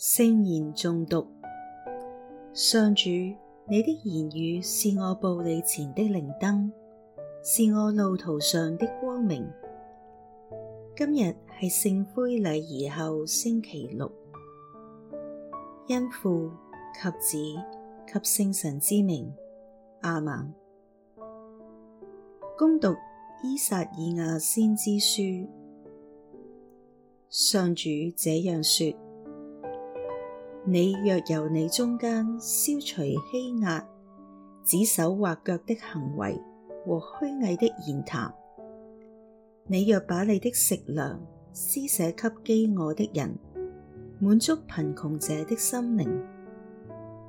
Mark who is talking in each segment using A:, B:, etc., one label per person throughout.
A: 聖言誦讀，上主，你的言語是我步履前的靈燈，是我路途上的光明。今日係聖灰禮儀後星期六，因父及子及聖神之名，阿門。恭讀依撒意亞先知書，上主這樣說。你若由你中間消除欺壓、指手畫腳的行為和虛偽的言談，你若把你的食糧施捨給飢餓的人，滿足貧窮者的心靈，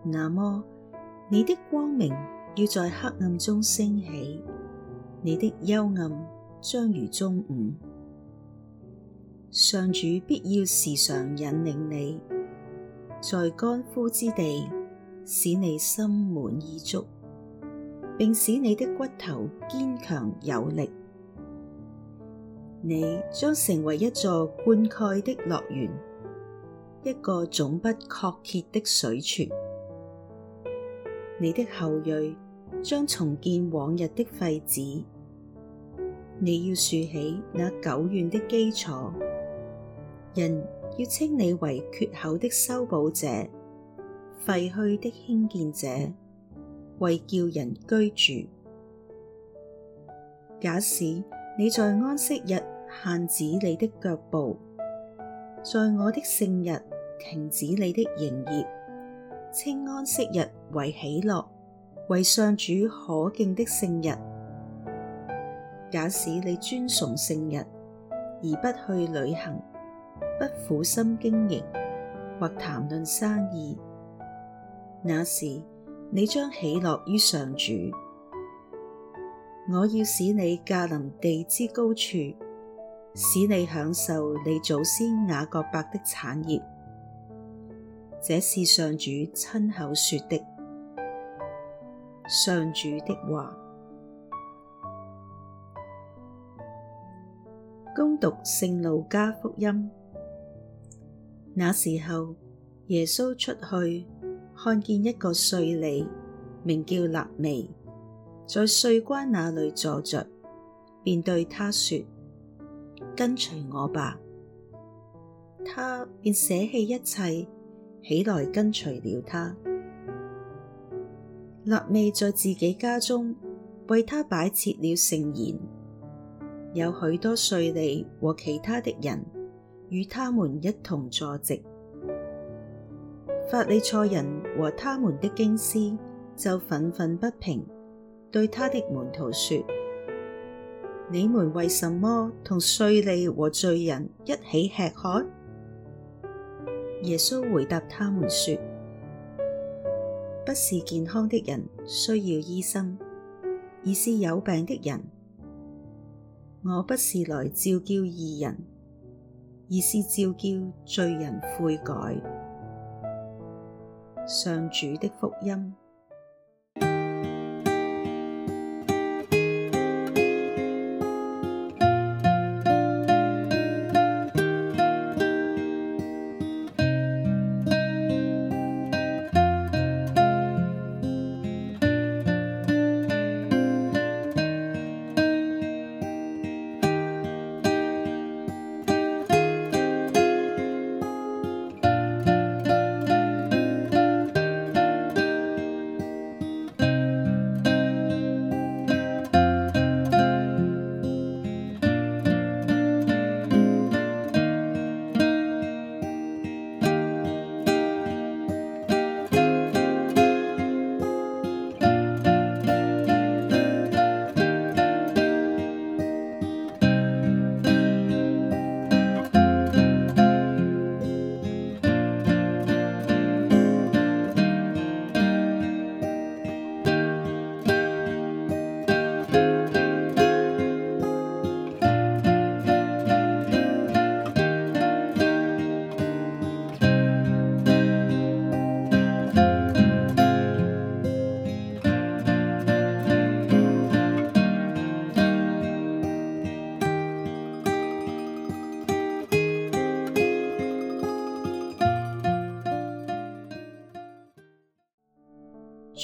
A: 那麼你的光明要在黑暗中升起，你的幽暗將如中午。上主必要時常引領你。在乾枯之地，使你心滿意足，並使你的骨頭堅強有力。你將成為一座灌溉的樂園，一個總不涸竭的水泉。你的後裔將重建往日的廢址。你要豎起那久遠的基礎，人，要稱你為缺口的修補者、廢墟的興建者，為叫人居住。假使你在安息日限止你的腳步，在我的聖日停止你的營業，稱安息日為喜樂，為上主可敬的聖日。假使你尊崇聖日而不去旅行。不苦心經營或談論生意，那時你將喜樂於上主。我要使你駕臨地之高處，使你享受你祖先雅各伯的產業。這是上主親口說的。上主的話。恭讀聖路加福音。那時候，耶穌出去，看見一個稅吏，名叫肋未，在稅關那裏坐着，便對他說：跟隨我吧。他便捨棄一切，起來跟隨了他。肋未在自己家中為他擺設了盛筵，有許多稅吏和其他的人。與他們一同坐席，法利賽人和他們的經師就忿忿不平，對他的門徒說：你們為什麼同稅吏和罪人一起吃喝？耶穌回答他們說：不是健康的人需要醫生，而是有病的人。我不是來召叫義人。而是召叫罪人悔改。上主的福音。